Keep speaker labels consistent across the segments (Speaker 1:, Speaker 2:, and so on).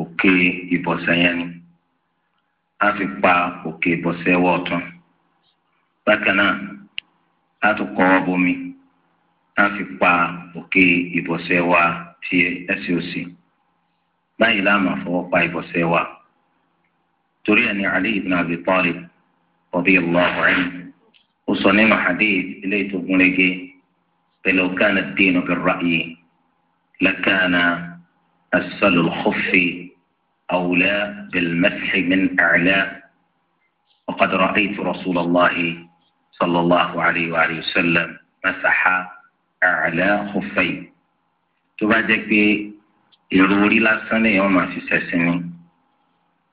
Speaker 1: òkè ìbọ̀sẹ̀ yẹn ni a fi pa òkè ìbọ̀sẹ̀ ẹwọ́ ọ̀tún bákan náà a tún kọ́ ọ bomi a fi pa òkè ìbọ̀sẹ̀ wa ti ẹsẹ̀ òsì báyìí láàmú àfọwọ́ pa ìbọ̀sẹ̀ wa torí ẹni Ali ibn Abi Talib radiyallahu anhu ó sọ nínú hadith ilé ìtògùn pẹ̀lú kana ad-dinu bir-ra'yi lakana as-salu أولى بالمسح من أعلى وقد رأيت رسول الله صلى الله عليه وآله وسلم مسح أعلى خفيه tó bá jẹ́ pé èrò orí lásán lè yàn máa fi ṣẹ̀sìn ní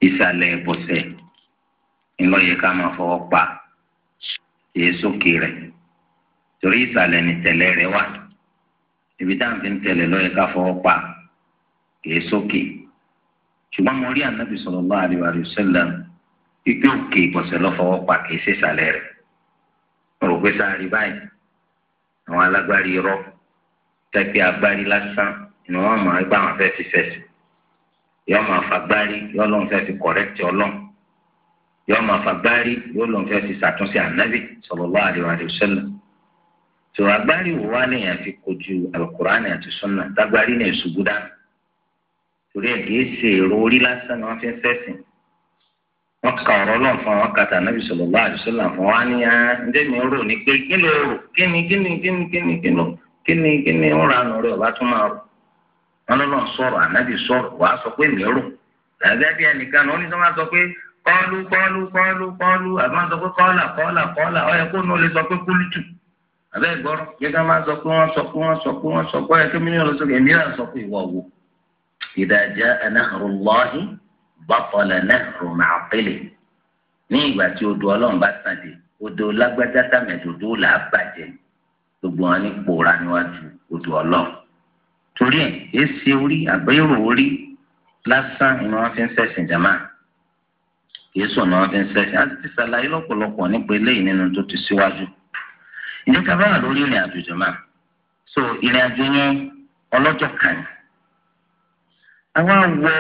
Speaker 1: ìsàlẹ̀ ìbọ̀sẹ̀ ńlọ́yẹ ká máa fọwọ́ pa èyí sókè rẹ̀ torí ìsàlẹ̀ ní tẹ̀lẹ̀ rẹ̀ wà ibi táwọn fi ń tẹ̀lẹ̀ lọ́yẹ ká fọwọ́ pa èyí sókè ṣùgbọ́n mo rí ànábì sallallahu alaihi wa sallam igbó òkè ìgbọ̀nsẹ̀ lọ́fọwọ́ pa kì í ṣe ìsàlẹ̀ rẹ̀ mo rò pé sáré báyìí àwọn alágbárí irọ́ tẹ́gbẹ́ agbárí lásán ni wọ́n máa gbá àwọn fẹ́ fi fẹ̀sì yọ máa fagbárí yọ lóun fẹ́ fi kọ̀rẹ́tì ọlọ́run yọ máa fagbárí yọ lóun fẹ́ fi ṣàtúnṣe ànábì sallallahu alaihi wa sallam tó agbárí wò wá lèèyàn fi kojú alukur'ani àti sunna tágbárí torí ẹ̀ kì í ṣe èrò orí lásán ni wọ́n fi ń wọ́n ka ọ̀rọ̀ náà fún àwọn kàtà náà bíi sọlọ báyìí fún wa ní ah, ǹjẹ́ mi rò ní pé kí ló rò kí ni kí ni kí ni kí ni kí ni kí ni kí ni ń ra rẹ ọba wà á sọ pé mi làbẹ́ bí ẹnìkan ó sọ pé kọ́ọ̀lù kọ́ọ̀lù kọ́ọ̀lù kọ́ọ̀lù àbí sọ pé إذا جاء نهر الله بطل نهر معقله ní ìgbà tí odò ọlọ́run bá tàn dé odò lágbájá tàmẹ̀dòdò là á bàjẹ́ gbogbo wọn ní pòórá níwájú odò ọlọ́run torí ẹ̀ èsì orí àgbẹ̀rò orí lásán ni wọ́n fi ń ṣẹ̀sìn jàmá èso ni wọ́n fi ń ṣẹ̀sìn á ti ṣàlàyé lọ́pọ̀lọpọ̀ nípa eléyìí nínú tó ti síwájú ìdíkà bá wà lórí ìrìn àjò jàmá so ìrìn àjò yẹn ọlọ́jọ́ kan yìí àwa wọ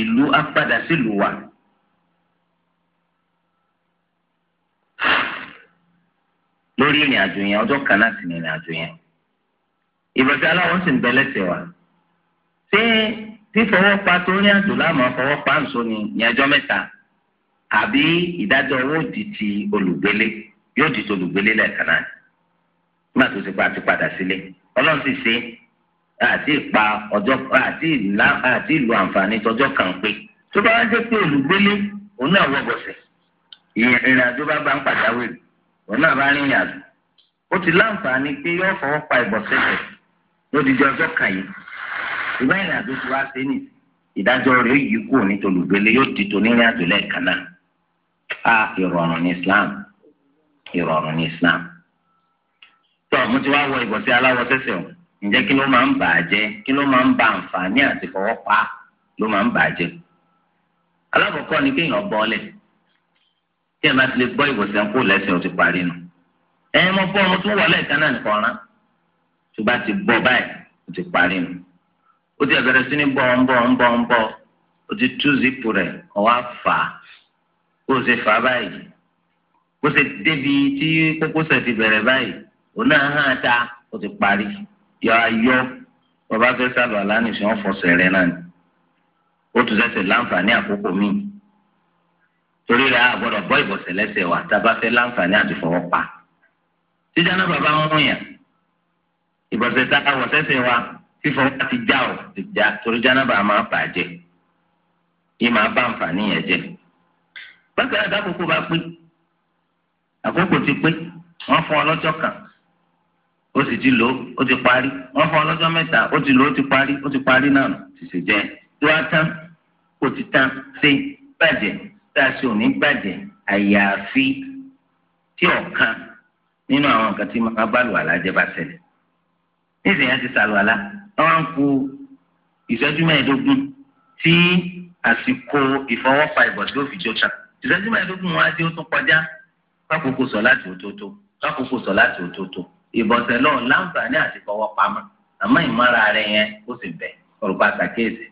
Speaker 1: ìlú apádà sílùú wa. lórí ìrìn àjò yẹn ọjọ́ kan láti ní ìrìn àjò yẹn ìbọ̀dé aláwọ̀ sì ń bẹ lẹ́sẹ̀ wa ṣé fífọwọ́pa tó ní àjò láàmú fọwọ́pa ń so ni ní ẹjọ́ mẹ́ta àbí ìdájọ́ owó di ti olùgbélé yóò di ti olùgbélé lẹ́ẹ̀kan náà nígbà tó ti pa àti padà sílé ọlọ́run sì ṣe àti ìpa ọjọ́ àti ìlà àti ìlú àǹfààní tọjọ́ kan pé tó bá wá jẹ́ pé olùgbélé òun náà bọ̀sẹ̀ ìrìn àjò bá bá ń pàjáwìrì òun náà bá ti láǹfààní pé yóò fọwọ́ pa ìbọ̀sẹ̀ rẹ̀ lódìdí ọjọ́ kan yìí ìgbà ìrìn àjò ti wá sí ní ìdájọ́ rẹ̀ yìí tolùgbélé yóò a ìrọ̀rùn ní Islam ìrọ̀rùn ní Islam tó mo ti ǹjẹ́ kí ló máa ń bà á jẹ́ kí ló máa ń ba àǹfààní àti fọwọ́pa ló máa ń bà á jẹ́. alákọ̀ọ́kọ́ ni kéèyàn bọ́ọ̀lẹ̀ tí ẹ bá ti lè gbọ́ ìwòsàn kó lẹ́sìn ó ti parí nu. ẹ mọ bọ́ ọmọ tó wọlé ìkan náà nìkan rán tó bá ti bọ́ báyìí ó ti parí nu. ó ti ẹ̀bẹ̀rẹ̀ sí ní bọ́ ń bọ́ ń bọ́ ń bọ́ ó ti tú zipu rẹ̀ ó wá fà á kó o ṣe fà á báyìí kó o ṣe débi tí kókósẹ̀ ti bẹ̀rẹ̀ báyìí òun náà hàn ta ó ti parí yọ ayọ́ bàbá fẹ́ sálọ alánìsàn ọ̀fọ̀sẹ̀ rẹ náà ni ó tún sẹ́sẹ̀ láǹfààní àkókò míì torí rẹ̀ àgbọ̀dọ̀ bọ́ ìbọ̀sẹ̀ lẹ́sẹ̀ wa tá a bá fẹ́ láǹfààní àti fọwọ́ pa jíjá náà bàbá wọn mú yàn ìbọ̀sẹ̀ tá a wọ̀ sẹ́sẹ̀ wa fífọwọ́ ti já ọ̀ ti já torí jáná bàbá máa bàjẹ́ yìí máa bá àǹfààní yẹn jẹ bákan náà àkókò bá pé àkókò ti pé wọ́n fún ọ lọ́jọ́ kan ó sì ti lò ó ti parí wọ́n fún ọlọ́jọ́ mẹ́ta ó ti lò ó ti parí ó ti parí náà sì sì jẹ́ tó wá tán kò ti tán ṣe bàjẹ́ tá a sì ò ní bàjẹ́ àyàfi tí ọ̀kan nínú àwọn nǹkan tí máa bá lùwàlá jẹ́ bá ṣẹlẹ̀ níṣẹ́ yẹn ti sàlùwàlá wọ́n ń ku ìṣẹ́jú mẹ́ẹ̀ẹ́dógún tí àsìkò ìfọwọ́fà ìbọ̀sí òfin tó tà ìṣẹ́jú mẹ́ẹ̀ẹ́dógún wọn á dé ó tún kọjá lákòókò sọ láti òtótó lákòókò sọ láti òtótó ìbọ̀sẹ̀ náà láǹfààní àti fọwọ́ pamọ́ àmọ́ ìmọ̀ra rẹ̀ yẹn ó sì bẹ̀ òrùka sàkéèsì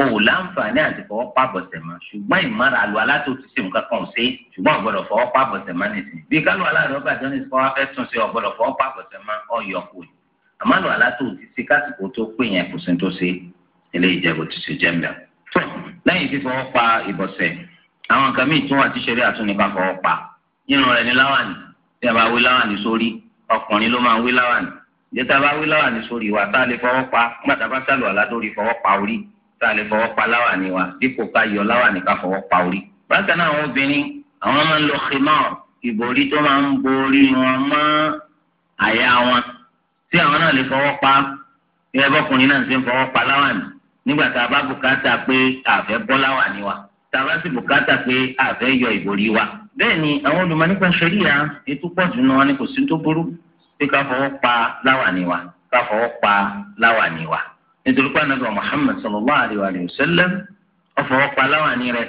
Speaker 1: o ò láǹfààní àti fọwọ́ pàbọ̀sẹ̀ mọ́ ṣùgbọ́n ìmọ̀ra àlọ́ alátó ti ṣe nǹkan kan ṣe ṣùgbọ́n ọ̀gbọ́dọ̀ fọwọ́ pàbọ̀sẹ̀ mọ́ nìsín bí kálù aláàrọ̀ gbàdán ní fọwọ́ fẹ́ tún ṣe ọ̀gbọ́dọ̀ fọwọ́ pàbọ̀sẹ̀ mọ́ ọ̀yọ̀ kù ni àmọ́ àlọ́ alátó ti ṣe kásìkò tó pé yẹn kò sí tó ṣe ilé ìjẹ́bù ti ṣe jẹ́ mbẹ́. lẹ́yìn fífọwọ́ pa ìbọ̀sẹ̀ àwọn nǹkan míì tún wà tíṣẹ́rí fọwọ́ pa nínú rẹ̀ ní láwàní tí a bá wé láwàní sórí ọkùnrin ló máa ń wí láwàní ìjẹta bá wí láwàní sórí wa tá a lè fọwọ́ pa gbàtà bá sàlù àládórí fọwọ́ pa orí tá a lè fọwọ́ pa láwàní wa dípò ká yọ láwàní ká fọwọ́ pa orí. bákan náà àwọn obìnrin àwọn máa ń lo khimar ìbòrí tó máa ń borí wọn mọ́ àyà wọn tí àwọn náà lè fọwọ́ pa ẹ bọ́kùnrin náà ṣe ń fọwọ́ pa láwàní nígbà tá a bá bùkátà pé àfẹ́ bọ́ láwàní wa tá a bá sì bùkátà pé àfẹ́ yọ ìbòrí wa. bẹ́ẹ̀ ni àwọn olùmọ̀ nípa ṣẹ́ríà pé ká fọwọ́ pa láwàní wa ká fọwọ́ pa láwàní wa nítorí pé anabi muhammed sallallahu alayhi wa sallam ó fọwọ́ pa láwàní rẹ̀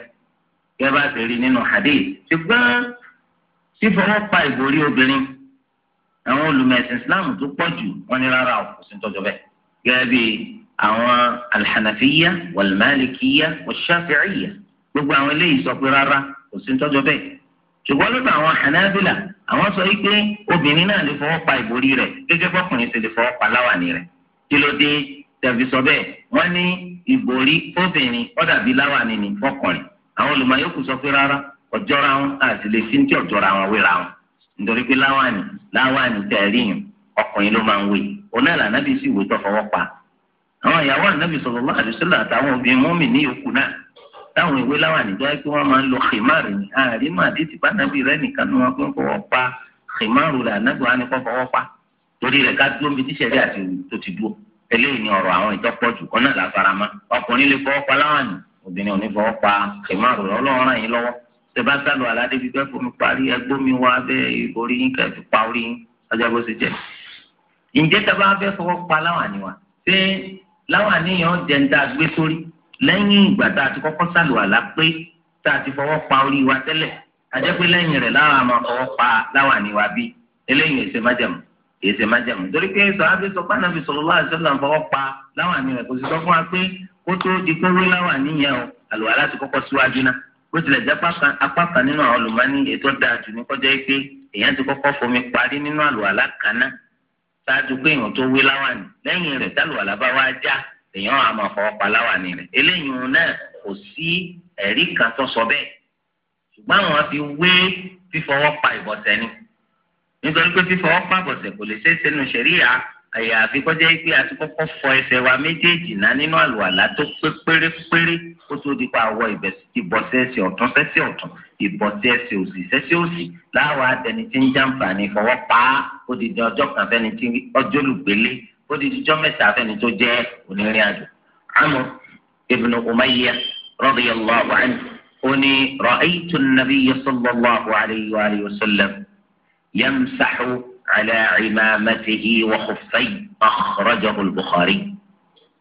Speaker 1: gẹ́gẹ́ bá ti rí nínú hadith ṣùgbọ́n fífọwọ́ pa ìborí obìnrin àwọn olùmẹ̀sìn islam tó pọ̀ jù wọ́n ní rárá o kò sí tọ́jọ́ bẹ́ẹ̀ gẹ́gẹ́ bí àwọn alhanafiya wàlmálìkìya wàṣàfìyà gbogbo àwọn eléyìí sọ pé rárá kò sí tọ́jọ́ bẹ́ẹ̀ ṣùgbọ́n lọ́dọ̀ àwọn hanabila àwọn sọ wípé obìnrin náà lè fọwọ́ pa ìborí rẹ̀ gẹ́gẹ́ bọ́kùnrin sì lè fọwọ́ pa láwàní rẹ̀ kí ló dé tẹ̀fi sọ bẹ́ẹ̀ wọ́n ní ìborí obìnrin ó dàbí láwàní ní fọkùnrin àwọn olùmọ̀ yòókù sọ pé rárá ọjọ́ra wọn àti lè fi ń tí ọjọ́ra wọn wéra wọn nítorí pé láwàní láwàní tẹ̀rí yìí ọkùnrin ló máa ń wé oná ìlànà bí sì wé tó fọwọ́ pa àwọn ìyàwó ànábì sallallahu alaihi táwọn ìwé láwọn àdìjọ pé wọ́n máa ń lo khimar ni àárín máa dé ti bánabi rẹ nìkan ní wọn pé ń fọwọ́ pa khimar rẹ ànágbọ́n á ní kó fọwọ́ pa torí rẹ ká dúró bíi tíṣẹ̀rí àti tó ti dúró eléyìí ni ọ̀rọ̀ àwọn ìtọ́pọ̀ jù kọ́nà làfarama ọkùnrin lè fọwọ́ pa láwọn àná obìnrin ò ní fọwọ́ pa khimar rẹ ọlọ́run ràn yín lọ́wọ́ tẹ́bá sálọ aládé bíbẹ́ fomi parí ẹgbó mi wá bẹ́ẹ̀ orí yín kẹ́ẹ̀ fi pa orí yín ọjà bó lẹ́yìn ìgbà tá a ti kọ́kọ́ sàlùwàlá pé tá a ti fọwọ́ pa orí wa tẹ́lẹ̀ àjẹ́ pé lẹ́yìn rẹ̀ láwọn àmọ́ fọwọ́ pa láwọn àníwá bí eléyìí èsè májàmú èsè májàmú torí pé sọ̀rọ̀ sọ pé ànábì sallallahu alaihi wasallam fọwọ́ pa láwọn àníwá kò sì sọ fún wa pé kó tó di pé wí láwọn àníyàn o àlùwàlá ti kọ́kọ́ síwájú náà bó tilẹ̀ jẹ́ apá kan nínú àwọn olùmọ́ni ètò dáa jù ní kọjá pé èèyàn ti kọ́kọ́ fomi parí nínú àlùwàlá kan ṣáájú pé èèyàn tó wí láwọn àní lẹ́yìn rẹ̀ tálùwàlá bá wá já èèyàn àmọ́ ọ̀pá láwàní rẹ̀ eléyìí náà kò sí ẹ̀rí kan tó sọ bẹ́ẹ̀ ṣùgbọ́n àwọn fi wé fífọwọ́ pa ìbọ̀sẹ̀ ni nítorí pé fífọwọ́ pa ìbọ̀sẹ̀ kò lè ṣeé ṣe nu ṣẹ̀ríyà ẹ̀yà àfikọ́jẹ́ pé a ti kọ́kọ́ fọ ẹsẹ̀ wa méjèèjì náà nínú àlùwàlá tó pé pérépéré kó tó di pa àwọ̀ ìbọ̀sẹ̀ ẹsẹ̀ ọ̀tún sẹ́sẹ̀ ọ̀tún ìbọ̀sẹ̀ ẹsẹ̀ òsì sẹ́sẹ̀ òsì láwa àtẹni tí ń jàǹfààní fọwọ́ pa á ó di di ọjọ́ kan fẹ́ni tí ọjọ́ olùgbélé ó di ìjọ mẹ́ta fẹ́ni tó jẹ́ onírìn àjò Amr ibn Umayyah radiyallahu anhu ó ní ra'aytu an-nabiyya sallallahu alayhi wa alihi wa sallam yamsahu ala imamatihi wa khuffayhi akhrajahu al-Bukhari.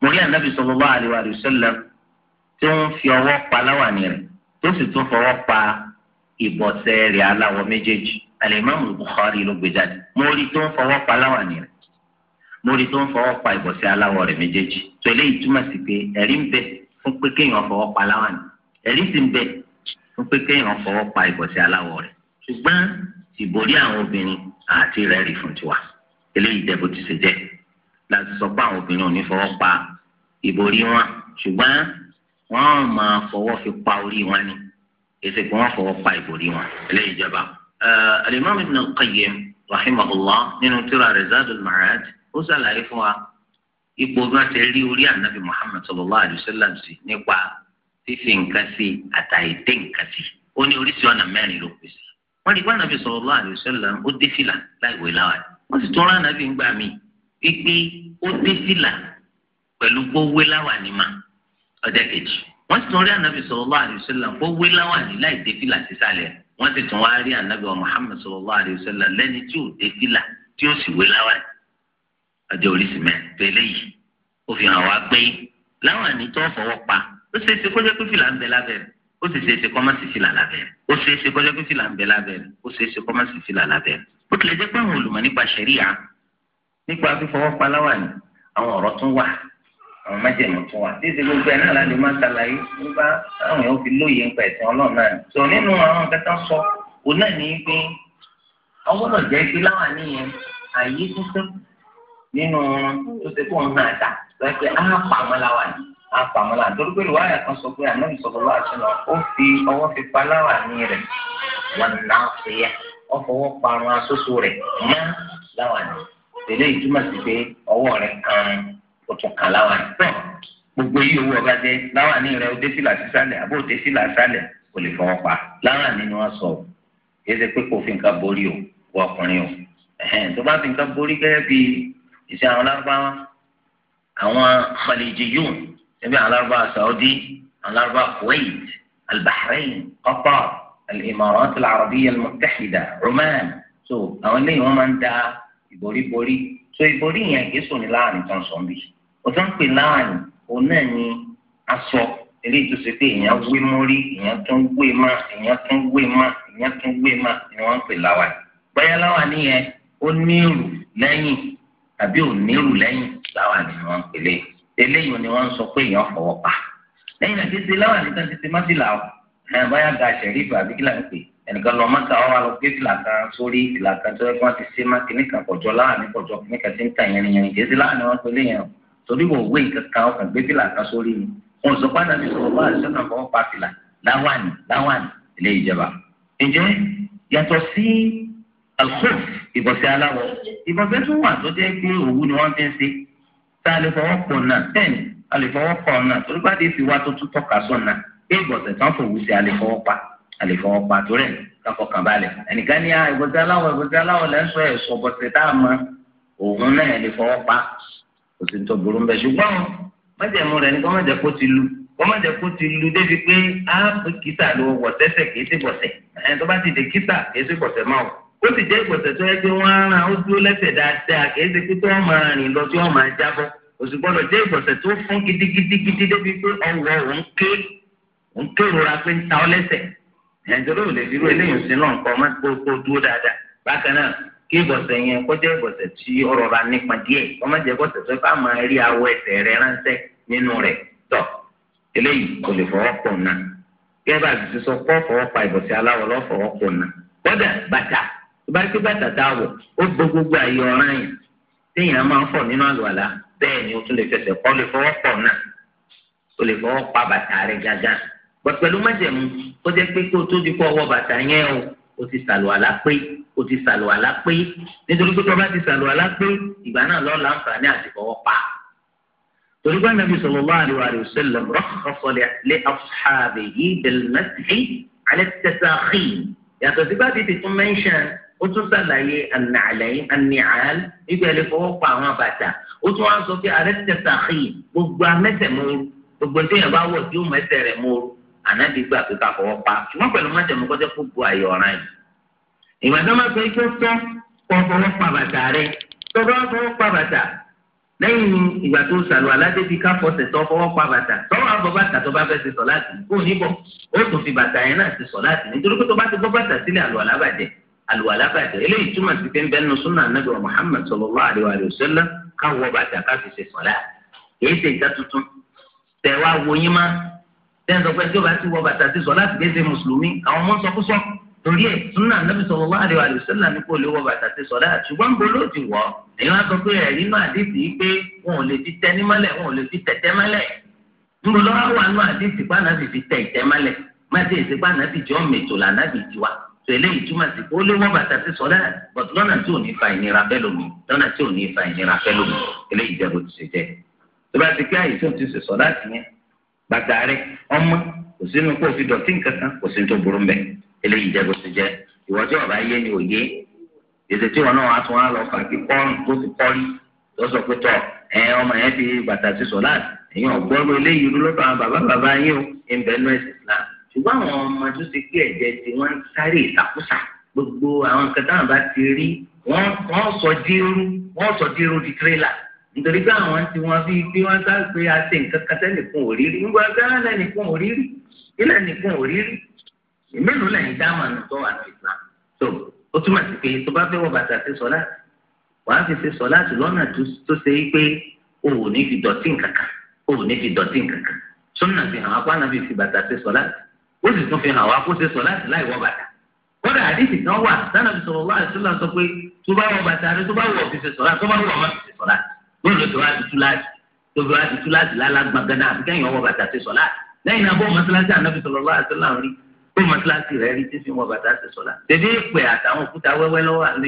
Speaker 1: mo rí ànábì sallallahu alayhi wa alihi wa sallam tí wọ́n fi ọwọ́ pa láwàní tó sì tún fọwọ́ pa ìbọ̀sẹ̀ rẹ̀ aláwọ̀ méjèèjì al-Imam bukhari ló gbé jáde mo tó ń fọwọ́ pa láwàní lórí tó ń fọwọ́ pa ìbọ̀sẹ̀ aláwọ̀ rẹ̀ méjèèjì tó eléyìí túmọ̀ sí pé ẹ̀rí ń bẹ fún pé kéèyàn fọwọ́ pa aláwọ̀ ni ẹ̀rí sì ń bẹ fún pé kéèyàn fọwọ́ pa ìbọ̀sẹ̀ aláwọ̀ rẹ̀ ṣùgbọ́n ìbòrí àwọn obìnrin àti rẹ̀ rí fún tiwa eléyìí jẹ́ bó ti ṣe jẹ́ láti sọ pé àwọn obìnrin ò ní fọwọ́ pa ìbòrí wọn ṣùgbọ́n wọ́n máa fọwọ́ fi pa orí wọn ni èsì pé wọ́n fọwọ́ pa ìbòrí wọn eléyìí jọba. alimami ibn al nínú tírà rẹ̀ zadul ma'ad ó ṣàlàyé fún wa ipò bí wọ́n ti rí orí ànábì Muhammad sallallahu alayhi wa sallam sí nípa fífi nǹkan sí àtàyètè nǹkan sí ó ní oríṣi ọ̀nà mẹ́rin ló pèsè wọ́n rí pé ànábì sallallahu alayhi wa sallam ó dé fìlà láì wé láwàá wọ́n sì tún rán ànábì ńgbà mí pípé ó dé fìlà pẹ̀lú gbówé láwàá ní ma ọjọ́ kejì wọ́n sì tún rí ànábì sallallahu alayhi wa sallam gbówé láwàá láì dé fìlà sísàlẹ̀ wọ́n sì tún wá rí ànábì ọjọ́ oríṣi mẹ́rin tó eléyìí ó fi hàn wá pé láwọn àní tó fọwọ́ pa ó ṣe é ṣe kọjá pé fìlà ń bẹ lábẹ́rẹ́ ó sì ṣe é ṣe kọ́ máa sì fìlà lábẹ́rẹ́ ó ṣe é ṣe kọjá pé fìlà ń bẹ lábẹ́rẹ́ ó ṣe é ṣe kọ́ máa sì fìlà lábẹ́rẹ́ ó tilẹ̀ jẹ́ pé àwọn olùmọ̀ nípa ṣẹ̀ríà nípa fífọwọ́ pa láwàní àwọn ọ̀rọ̀ tún wà àwọn májèmọ̀ tún wà tí ìṣègùn gbẹ náà láti máa ṣàlàyé nípa àwọn èèyàn fi lóye nípa ẹ̀sìn ọlọ́run náà sọ nínú àwọn kẹta sọ òun náà ní pé ọgbọ́dọ̀ jẹ́ pé láwàní yẹn àyè tuntun nínú wọn tó ṣe kó wọn náà dà lọ pé á pàmò láwà ní á pàmò láwà torí pé ìwádìí kan sọ pé ànábì sọ̀rọ̀ wá sí lọ ó fi ọwọ́ fi pa láwà ní rẹ̀ wọn náà fi yá ó fọwọ́ parun asoso rẹ̀ mọ́ láwà ní tẹ̀lé ìtumọ̀ sí pé ọwọ́ rẹ̀ kan ó tún kan láwà ní pẹ́ gbogbo yìí owó ọba jẹ láwà ní rẹ̀ ó dé sílà sísàlẹ̀ àbó dé sílà sálẹ̀ kò lè fọwọ́ pa láwà nínú ọ̀sọ̀ yẹ ṣe pé kò fi nǹkan borí o wọ ọkùnrin o tó bá fi nǹkan borí gẹ́gẹ́ bíi ìṣe àwọn lárúbáwá àwọn khalijiyun ẹbí àwọn lárúbáwá saudi àwọn lárúbáwá kuwait albahrain qatar alimarat alarabiya almutahida roman so àwọn eléyìí wọn máa ń da ìboríborí so ìborí yẹn kìí sùn ní láàrin tó ń sọ bí o tó ń pè láàrin òun náà ni aṣọ eléyìí tó ṣe pé èèyàn wé mórí èèyàn tún wé má èèyàn tún wé má èèyàn tún wé má ni wọn ń pè láwa bẹ́ẹ̀ láwa nìyẹn ó ní èrò lẹ́yìn àbí onírù lẹ́yìn láwa ni wọ́n ń pèlè eléyìí ni wọ́n ń sọ pé èèyàn fọwọ́ pa lẹ́yìn náà títí láwa níta títí má ti là ó ẹ̀ báyà ga sẹ̀rífù àbí kílà ń pè ẹnìkan lọ mọ́ta ọ̀rọ̀ alọ pé fìlà kan sórí fìlà kan tó yẹ ti ṣe má kíní kan kọjọ láwa ní kọjọ kíní kan ti ń tàn yẹn yẹn títí láwa ni wọ́n pèlè yẹn torí wò wé kankan ọkàn kan sórí ni wọn sọ pé àdàbí sọ̀rọ̀ bá àṣẹ náà fọwọ́ pa fìlà láwàní láwàní ilé ìjọba ǹjẹ́ alkhuf ìbọ̀sẹ̀ aláwọ̀ ìbọ̀sẹ̀ tó wà tó jẹ́ pé òwú ni wọ́n fi ń ṣe tá a lè fọwọ́ pọ̀ náà bẹ́ẹ̀ni a lè fọwọ́ pọ̀ náà torí bá dé fi wá tó tún tọ́ka sọ̀ náà pé ìbọ̀sẹ̀ tán fòwú sí a lè fọwọ́ pa a lè fọwọ́ pa torí ẹ̀ káfọkàn balẹ̀ ẹnìkan ní ìbọ̀sẹ̀ aláwọ̀ ìbọ̀sẹ̀ aláwọ̀ lẹ́ ń sọ ẹ̀sọ́ ìbọ̀sẹ̀ tá a mọ òun náà lè fọwọ́ pa kò sí tó burú bẹ́ẹ̀ ṣùgbọ́n mọ̀jẹ̀mú rẹ̀ ní kọ́ mọ̀jẹ̀ kó ti lu kọ́ mọ̀jẹ̀ kó ti lu débi pé á kìtà ló wọ̀ sẹ́sẹ̀ kìí sí bọ̀sẹ̀ ẹni tó bá ti dé kìtà kìí sí bọ̀sẹ̀ máa wọ̀ ó sì jẹ́ ìpọ̀tẹ̀ tó yẹ pé wọ́n á ràn ó dúró lẹ́sẹ̀ dáadáa kì í ṣe pé tó wọ́n máa rìn lọ tí wọ́n máa jábọ́ òsì gbọ́dọ̀ jẹ́ ìpọ̀tẹ̀ tó fún gidigidigidi débi pé ọwọ́ òun ké òun ké rora pé ń ta ọ lẹ́sẹ̀ ẹ̀ńtọ́ ló lè fi irú eléyìí sí náà nǹkan ọmọ kó kó dúró dáadáa bákan náà kí ìbọ̀sẹ̀ yẹn kó jẹ́ ìbọ̀sẹ̀ tí ọ̀rọ̀ ra nípa díẹ̀ ọmọ bàtà bá rí pé bàtà tá a wọ̀ ó gbọ́ gbogbo àyè ọ̀ràn yẹn téèyàn máa ń fọ̀ nínú àlùwàlá bẹ́ẹ̀ ni o tún lè fẹsẹ̀ kọ́ lè fọwọ́ pọ̀ náà o lè fọwọ́ pa bàtà rẹ̀ gàgà pẹ̀lú májẹ̀mú ó jẹ́ pé kó o tó di kó ọwọ́ bàtà yẹn o o ti sàlùwàlá pé o ti sàlùwàlá pé nítorí pé tọ́ba ti sàlùwàlá pé ìgbà náà lọ́ọ́ láǹfààní àti fọwọ́ pa torí pé nàbí sallallahu alaihi wa sallam rakhkhasa ó tún sàlàyé ànàlẹ́yìn ànìhàn ibi ẹ̀lẹ́ fọwọ́ pa àwọn àbàtà ó tún wá sọ pé ààrẹ tẹ̀sà xì gbogbo amẹ́tẹ̀mọ́rú gbogbo tí yẹn bá wọ̀ tí ó mẹ́tẹ̀ rẹ̀ mọ́rú ànábì gbà pé ká fọwọ́ pa ṣùgbọ́n pẹ̀lú mẹ́tẹ̀mọ́ kọ́jọ́ kó bu àyè ọ̀ràn yìí. ìgbà tó máa sọ pé fẹ́ kọ́ fọwọ́ pa bàtà rẹ̀ tó bá fọwọ́ pa bàtà lẹ́yìn ìgbà tó sàlù aládébí ká fọsẹ̀ tó fọwọ́ pa bàtà tọ́wọ́ àbọ̀ bàtà tó bá fẹ́ ṣe sọ láti kó níbọ̀ ó tún fi bàtà yẹn náà ṣe sọ láti nítorí pé tó bá ti gbọ́ bàtà sílẹ̀ àlọ́ àlábàjẹ́ àlùwàlá bàjẹ́ eléyìí túmọ̀ sí pé ń bẹ́ẹ̀ nu súnà nàbì wa Muhammad sallallahu alayhi wa sallam káwọ bàtà káfí ṣe sọ̀lá èyí ṣe ìta tuntun tẹ̀ wá wo yín má tẹ́ ń sọ pé tí o bá ti wọ bàtà ti sọ̀lá ti déṣe mùsùlùmí àwọn ọmọ sọkúsọ torí ẹ̀ súnà nàbì sallallahu alayhi wa sallam ní kò lè wọ bàtà ti sọ̀lá ṣùgbọ́n gbọ́ ló ti wọ̀ èyí wá tẹ̀lé ìtumọ̀ sí kó lé wọ́n bàtà sí sọ́lá bọ̀t lọ́nà tí ò ní fa ìnira bẹ́lómi lọ́nà tí ò ní fa ìnira bẹ́lómi eléyìí jẹ́ bó ti ṣe jẹ́ tó bá ti pé àìsàn ti ṣe sọ́lá ti yẹn bàtà rẹ ọmọ kò sínú kó fi dọ̀tí nǹkankan kò sí tó burú mbẹ eléyìí jẹ́ bó ti jẹ́ ìwọ́jọ́ ọ̀bá yé ni òye ètò tí wọn náà wá lọ fà kí kọ́ọ̀rùn tó fi kọ́rí lọ́sọ̀ pé tọ̀ ẹ ọmọ yẹn fi ṣùgbọ́n àwọn ọmọ tó ti pé ẹ̀jẹ̀ tí wọ́n ń sáré ìtàkùsà gbogbo àwọn nǹkan táwọn bá ti rí wọ́n sọ dírú wọ́n sọ dírú di tírélà nítorí pé àwọn tí wọ́n fi pé wọ́n sá pé a ṣe nǹkan kan sẹ́nìkan ò rí rí nígbà gáà lẹ́nìkan ò rí rí ilẹ̀ nìkan ò rí rí mélòó lẹ́yìn dáhùn àná tó wà ní Islam tó ó túmọ̀ sí pé tó bá fẹ́ wọ bàtà sí sọ láti wàá fi ṣe sọ láti lọ́nà tó ṣe pé o ò ní fi dọ̀tí nǹkan kan o ò ní fi dọ̀tí nǹkan kan sọ́nà fi hàn apá náà fi fi bàtà sí sọ láti ó sì tún fi hàn wá kó ṣe sọ láti láì wọ bàtà kódà àdìsí kan wà sànà bí sọ̀rọ̀ wá àṣìlá sọ pé tó bá wọ bàtà rẹ tó bá wọ fi ṣe sọ̀rọ̀ tó bá wọ ọmọ fi ṣe sọ̀rọ̀ lóòótọ́ tó bá ti tú láti tó bá ti tú láti lálágbọ̀n gánà àti kẹ́yìn ọwọ́ bàtà ṣe sọ̀rọ̀ lẹ́yìn náà bó mọ́ṣáláṣí ànábì sọ̀rọ̀ wá àṣìlá rí bó mọ́ṣáláṣí rẹ̀ rí tí fi wọ bàtà ṣe sọ̀rọ̀ dédé pè àtàwọn òkúta wẹ́wẹ́ lọ́wọ́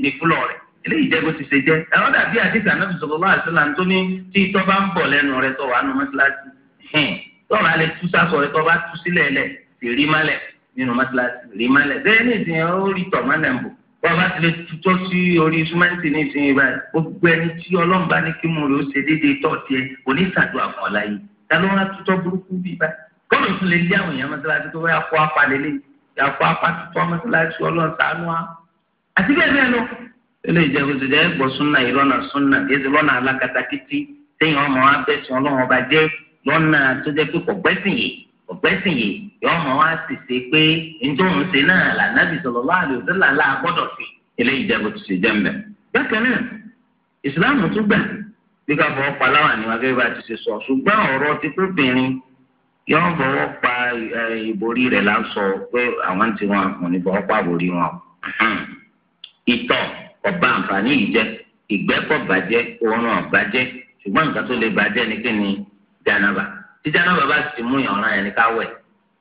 Speaker 1: ní fúlọ̀ rẹ̀ eléyìí jẹ́ bó ti ṣe jẹ́ àwọn dàbí àdìsí ànábì sọ̀rọ̀ wá àṣìlá tó ní tí ìtọ́ bá ń bọ̀ lẹ́nu rẹ̀ tó wà nù tọ́ọ̀rọ̀ alẹ́ tú sásọ rẹ tọ́ọ̀ bá tú sílẹ̀ lẹ̀ tèrí malẹ̀ nínú mọ́tíláṣí rí malẹ̀ bẹ́ẹ̀ ní ìsìn ó rí tọ̀ mọ́lẹ̀ ń bò wọ́n bá ti lè tutọ́ sí orí súnmẹ́ǹtì ní ìsìn yìí báyìí gbogbo ẹni tí ọlọ́run bá ní kí mo rò ó ṣe déédéé tọ́ tiẹ̀ kò ní ṣàdúrà fún ọ̀la yìí ta ló rán tutọ́ burúkú bíi báyìí kọ́ọ̀rọ̀ tún lè lé àwọn èèyàn mọ́tíláṣí tó bá kó apá lélẹ̀ yà kó apá tutọ́ mọ́tíláṣí ọlọ́run sànú wa àti bẹ́ẹ̀ bẹ́ẹ̀ lọ. eléyìí jẹ́ kó ti jẹ́ gbọ́ súnà ìrọ́nà súnà lọ́nà tó jẹ́ pé kò gbẹ́sìn yìí kò gbẹ́sìn yìí yọ mọ̀ wá sì ṣe pé ntòhún ṣe náà lànàbì sallallahu alaihi wasallam la gbọ́dọ̀ sí eléyìí jẹ́ bó ti ṣe jẹ́ ń bẹ̀. bákan náà ìsìláàmù tún gbà bí ká fọwọ́ pa láwà ní wákẹ́ bá ti ṣe sọ ṣùgbọ́n ọ̀rọ̀ ti kú bìnrin yọ fọwọ́ pa ìborí rẹ̀ là ń sọ pé àwọn tí wọn kò ní fọwọ́ ṣùgbọ́n nǹkan tó le bàjẹ́ ni kí ni janaba tí janaba bá ti mú yàn ọ̀ràn yẹn ní ká wẹ̀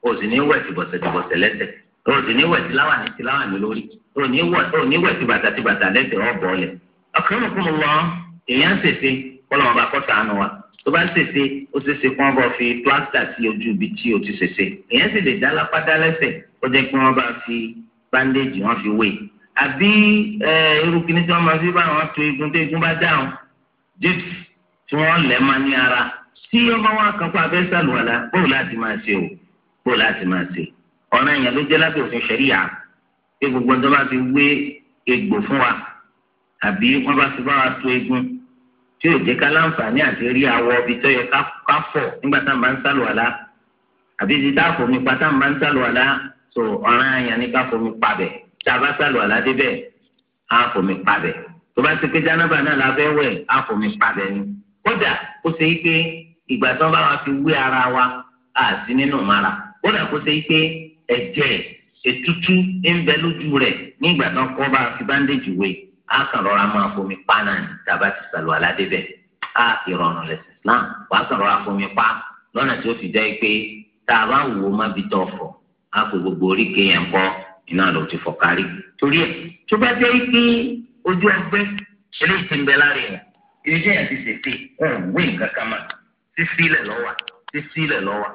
Speaker 1: o sì ní wẹ̀ tìbọ̀sẹ̀ tìbọ̀sẹ̀ lẹ́sẹ̀ o sì ní wẹ̀ tìláwàní tìláwàní lórí o ní wẹ̀ tìbàtà tìbàtà lẹ́sẹ̀ ọ̀bọ̀ ọ̀lẹ̀ ọkùnrin kún un lọ èèyàn ṣèṣe kọlọmọ bá kọta àánú wa tó bá ń ṣèṣe ó ṣeéṣe kí wọn bá fi plásítà sí ojú ibi tí o ti ṣèṣe èèyàn sì lè dá lápá dá ó jẹ́ kí wọn bá fi bandage wọn fi wé àbí irú kíní tí wọn máa fi bá wọn to igun tó igun bá dáhùn jíps tí wọn lẹ máa ní ara tí ọba wa kan pa abẹ́ sàlùwàlà bóò láti máa ṣe o bóò láti máa ṣe ọ̀ràn èèyàn ló jẹ́ lábẹ́ òfin ṣẹ̀ríyà pé gbogbo ọjọ́ bá fi wé egbò fún wa àbí wọ́n bá fi bá wa tó egun tí ò jẹ́ ká láǹfààní àti rí awọ ibi tó yẹ ká fọ̀ nígbà tá à ń bá ń sàlùwàlà àbí ti tá a pa tá à ń bá ń sàlùwàlà so ọ̀ràn èèyàn ní ká fomi pa bẹ̀ tá a bá sàlùwàlà débẹ̀ á fomi pa bẹ̀ tó bá ti pé jánábà náà la fẹ́ wẹ̀ á fomi pa bẹ̀ ni kódà ó ṣe é pé ìgbà tí wọ́n bá wọn fi wé ara wa àti nínú mara ó dà kó ṣe pé ẹ̀jẹ̀ ètútú ń bẹ lójú rẹ̀ nígbà tí wọ́n kọ́ bá fi báńdéjì wé á kàn rọra máa fomi pa náà ní tàbá ti sàlù aládé bẹ̀ á ìrọ̀rùn lẹ̀sìn Islam wà á kàn rọra fomi pa lọ́nà tí ó fi jẹ́ pé tá a bá wò ó má bi tọ̀ fọ̀ á kó gbogbo oríkèé yẹn kọ́ iná ló ti fọ̀ kárí torí ẹ̀ tó bá jẹ́ pé ojú ẹgbẹ́ eléyìí ti ń bẹ lára ẹ̀ ilé yẹn ti ṣètè ẹ̀ wé nǹkan kan mọ́ sísí ilẹ̀ lọ́wà sísí ilẹ̀ lọ́wà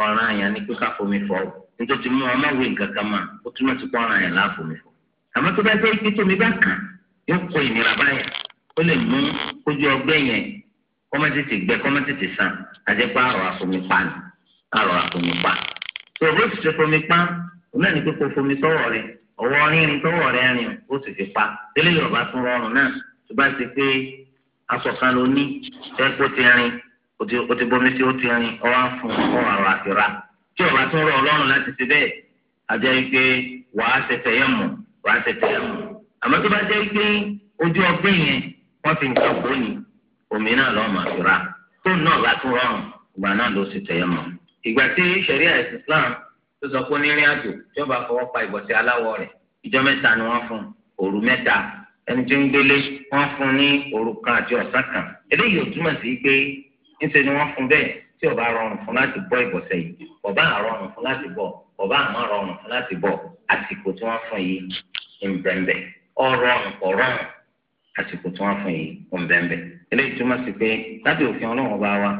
Speaker 1: ọ̀ràn àyàn ni pé ká fomi fọ ọ nítorí tí mo ọmọ wí nǹkan kan máa ó túmọ̀ sí pé ọ̀ràn àyàn láà fomi fọ àmọ́ tó bá jẹ́ ike tó mi bá kàn yóò kó ìnira báyà ó lè mú ojú ọgbẹ́ yẹn kọ́mọ́tìtì gbẹ kọ́mọ́tìtì sàn àjẹpá àrọ̀ àfomi pa ni àrọ̀ àfomi pa tó o ti fomi pa òun náà ní pé kò fomi sọ́wọ́ rẹ ọwọ́ rírin tọ́wọ́ rẹ rìn ó sì fi pa délé yorùbá tún rọrùn náà tó bá ti pé aṣọ kan ló ní ẹ̀kọ́ o ti o ti bomi sí o ti rin ọwọ́ fún ọwọ́ àwọn àfira tí ọba tó rọ ọlọ́run láti ṣe bẹ́ẹ̀ ajá ike pé wàá ṣe tẹ̀yẹ̀ mọ̀ wàá ṣe tẹ̀yẹ̀ mọ̀ tó bá jẹ́ ike ojú yẹn fi ní omi náà lọ́ọ́ tó náà bá tún rọrùn ìgbà náà ló ṣe mọ. ìgbà tí Islam tó sọ pé àjò tí ọba fọwọ́ pa ìbọ̀sẹ̀ aláwọ̀ rẹ̀ ìjọ mẹ́ta ni wọ́n fún òru mẹ́ta ẹni tí ń gbélé wọ́n fún ní níṣẹ́ ni wọ́n fún bẹ́ẹ̀ tí ó bá rọrùn fún láti bọ́ ìbọ̀sẹ̀ yìí kò bá rọrùn fún láti bọ́ kò bá àmọ́ rọrùn fún láti bọ́ àsìkò tí wọ́n fún yìí ń bẹ̀m̀bẹ̀ ọ rọrùn kò rọrùn àsìkò tí wọ́n fún yìí ń bẹ̀m̀bẹ̀. eléyìí túmọ̀ sí pé lábẹ́ òfin ọlọ́run bá wa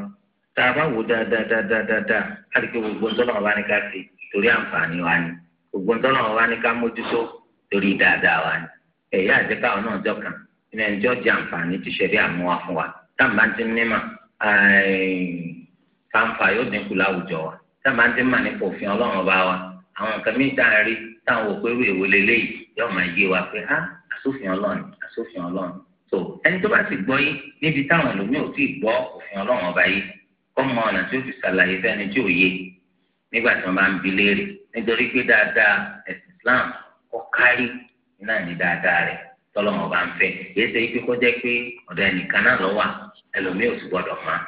Speaker 1: tá a bá wò dáadáadáadáa láti pé gbogbo ńdọ́lọ́run bá ní ká ṣe torí àǹfààní wa ni gbogbo ńdọ́lọ́run bá ní ká mójútó torí dáadáa wa ni ẹ̀yà àjẹkáwọn náà jọ kan ìrìn àjọ jẹ àǹfààní ti ṣẹ̀rí àmúwa fún fanfa yóò dínkù láwùjọ wa tá a máa ti mà nípa òfin ọlọ́run ọba wa àwọn nǹkan mi tá a rí táwọn òpé rú èwo lélẹ́yìí yóò máa yé wa pé á àsófin ọlọ́run àsófin ọlọ́run tó ẹni tó bá sì gbọ́ yìí níbi táwọn ẹlòmíì ò tíì gbọ́ òfin ọlọ́run ọba yìí kọ́ mọ ọ̀nà tí ó fi ṣàlàyé fẹ́ni tí ò yé nígbà tí wọ́n bá ń bi léèrè nítorí pé dáadáa ẹ̀sìn Islam kọ́ kárí náà ní dáadáa rẹ̀ tọlọmọ bá ń fẹ́ yìí ṣe ikú kọjá pé ọ̀dọ̀ ẹnìkan náà lọ wà ẹlòmíì ò sì gbọ́dọ̀ mọ̀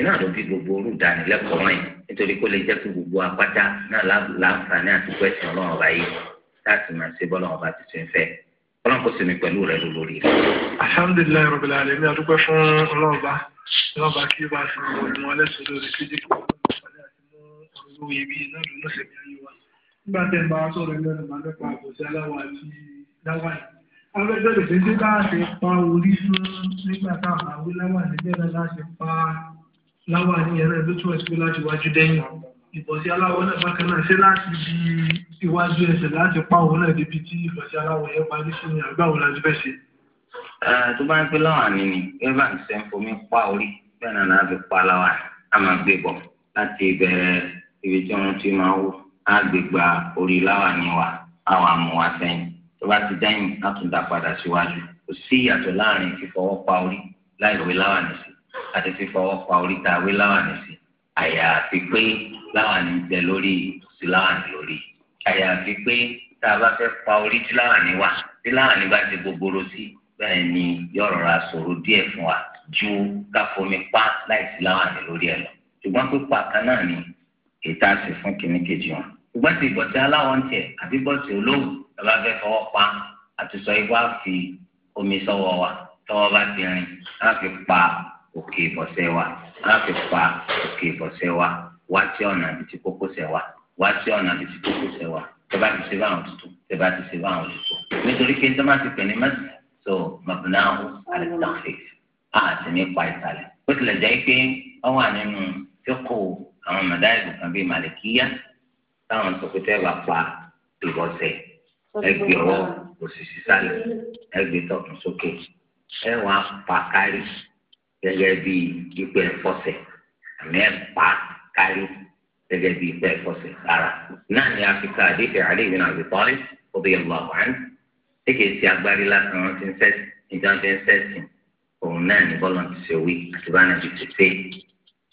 Speaker 1: iná ló fi gbogbo orú ìdánilẹ́kọ̀ọ́ wọn yìí nítorí kó lè jẹ́ kí gbogbo apáta náà láǹfààní àti pẹsìn Ọlọ́run ọba yìí láti máa ṣe bọ́lọ́run ọba ti ṣe ń fẹ́ Ọlọ́run kò sì ní pẹ̀lú rẹ̀ lórí rẹ̀. alhamdulilayi rabbil alamin adúpẹ́ fún ọlọ́ọ̀ba ọlọ́ọ̀ba kí bá a fi wọ ìmọ̀ ọlẹ́sìn lórí kéde kí wọ́n lọ́ọ́ àti mú ọ̀rọ̀ iyebí náà lọ́sẹ̀ mi ayé wa nígbà tẹ́ ń bá a sọ̀rọ̀ ẹlẹ́nu máa nípa àbòsí aláwọ̀ àti láwàní abẹ́jọ́lẹ̀ pé bí láàṣẹ pa orí fún nígbà tá a wí láwà níbẹ̀ náà láṣẹ pa láwà ní ẹ̀rọ ẹ̀dọ́ tó ẹ̀sìn láti wájú dẹ́yìn ìbọ̀sí aláwọ̀ náà bákan náà ṣé láti di iwájú ẹsẹ̀ láti pa òun náà débi tí ìbọ̀sí aláwọ̀ yẹn parí sí ni àgbà òun láti bẹ̀ ṣe. tó bá ń pẹ́ láwọn àní ni evan ṣe ń fomi pa orí bẹ́ẹ̀ náà láti pa láwà á láti ìbẹ̀rẹ̀ ibi tí wọ́n ti máa wò á orí láwà ní wa á sẹ́yìn tó bá ti dẹ́yìn látún dá padà síwájú kò sí ìyàtọ̀ láàrin fífọwọ́ pa orí láì wé láwàní sí àti fífọwọ́ pa orí tá a wé láwàní sí àyàfi pé láwàní bẹ lórí sí láwàní lórí àyàfi pé tá a bá fẹ́ pa orí tí láwàní wà tí láwàní bá ti gbogbooro sí bẹ́ẹ̀ ni yóò rọra sọ̀rọ̀ díẹ̀ fún wa ju káfomi pa láì sí láwàní lórí ẹ̀ lọ ṣùgbọ́n pípa kan náà ni ètò àṣẹ fún kìnnìkejì wọn ṣùgbọ́n ti bọ̀tí aláwọ̀ ń tiẹ̀ àbí bọ̀tí olówó lọ́ba fẹ́ fọwọ́ pa àtúnṣọ ikú àfi omi sọ́wọ́ wa tọ́wọ́ bá ti rìn á fi pa òkè ìbọ̀sẹ̀ wa á fi pa òkè ìbọ̀sẹ̀ wa wá sí ọ̀nà àbí ti kókósẹ̀ wa wá sí ọ̀nà àbí ti kókósẹ̀ wa tẹ́ bá ti ṣe báwọn tuntun tẹ́ bá ti ṣe báwọn tuntun nítorí pé tọ́ bá ti pè ní mẹ́sì so mabunahu alitafe àti nípa ìsàlẹ̀ bó tilẹ̀ jẹ́ pé ọ wà nínú fíkù àwọn mọ̀dáyìí kan bíi màlìkíyà táwọn sọ pé tẹ́ bá pa ìbọ̀sẹ̀ ẹgbẹ́ ọwọ́ òṣìṣì sálẹ̀ ẹgbẹ́ tọ̀tún sókè ẹ wàá pa kárí gẹ́gẹ́ bí ipò ẹ̀fọ́sẹ̀ àmì ẹ̀ pa kárí gẹ́gẹ́ bí ipò ẹ̀fọ́sẹ̀ rárá. náà ni afika àdéhùn àlẹ́ ìbínú àbí tọ́lẹ̀ òbí ẹ̀lọ́ àwọn àná èkè sí agbárí lásán wọn ti ń sẹ́sìn ìjọ ti ń sẹ́sìn òun náà ní bọ́lọ̀ ti ṣe wí àti bá náà ti ti ṣe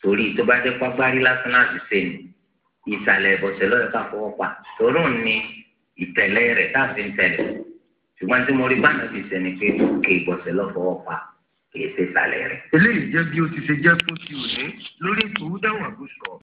Speaker 1: torí tó bá jẹ́ pàgbárí lásán náà ti ṣe ni ìsàlẹ̀ ìbọ̀sẹ̀ lọ́yọ̀ ká fọwọ́ pa tòrò ní ìtẹ̀lé rẹ̀ tá a fi ń tẹ̀lé ṣùgbọ́n tí mo rí bá nàbì sẹ́ ni pé òkè ìbọ̀sẹ̀ lọ́ fọwọ́ pa kì í ṣe ìsàlẹ̀ rẹ̀. eléyìí jẹ́ bí ó ti ṣe jẹ́ fún ti òní lórí ìtòwúdáwà tó sọ.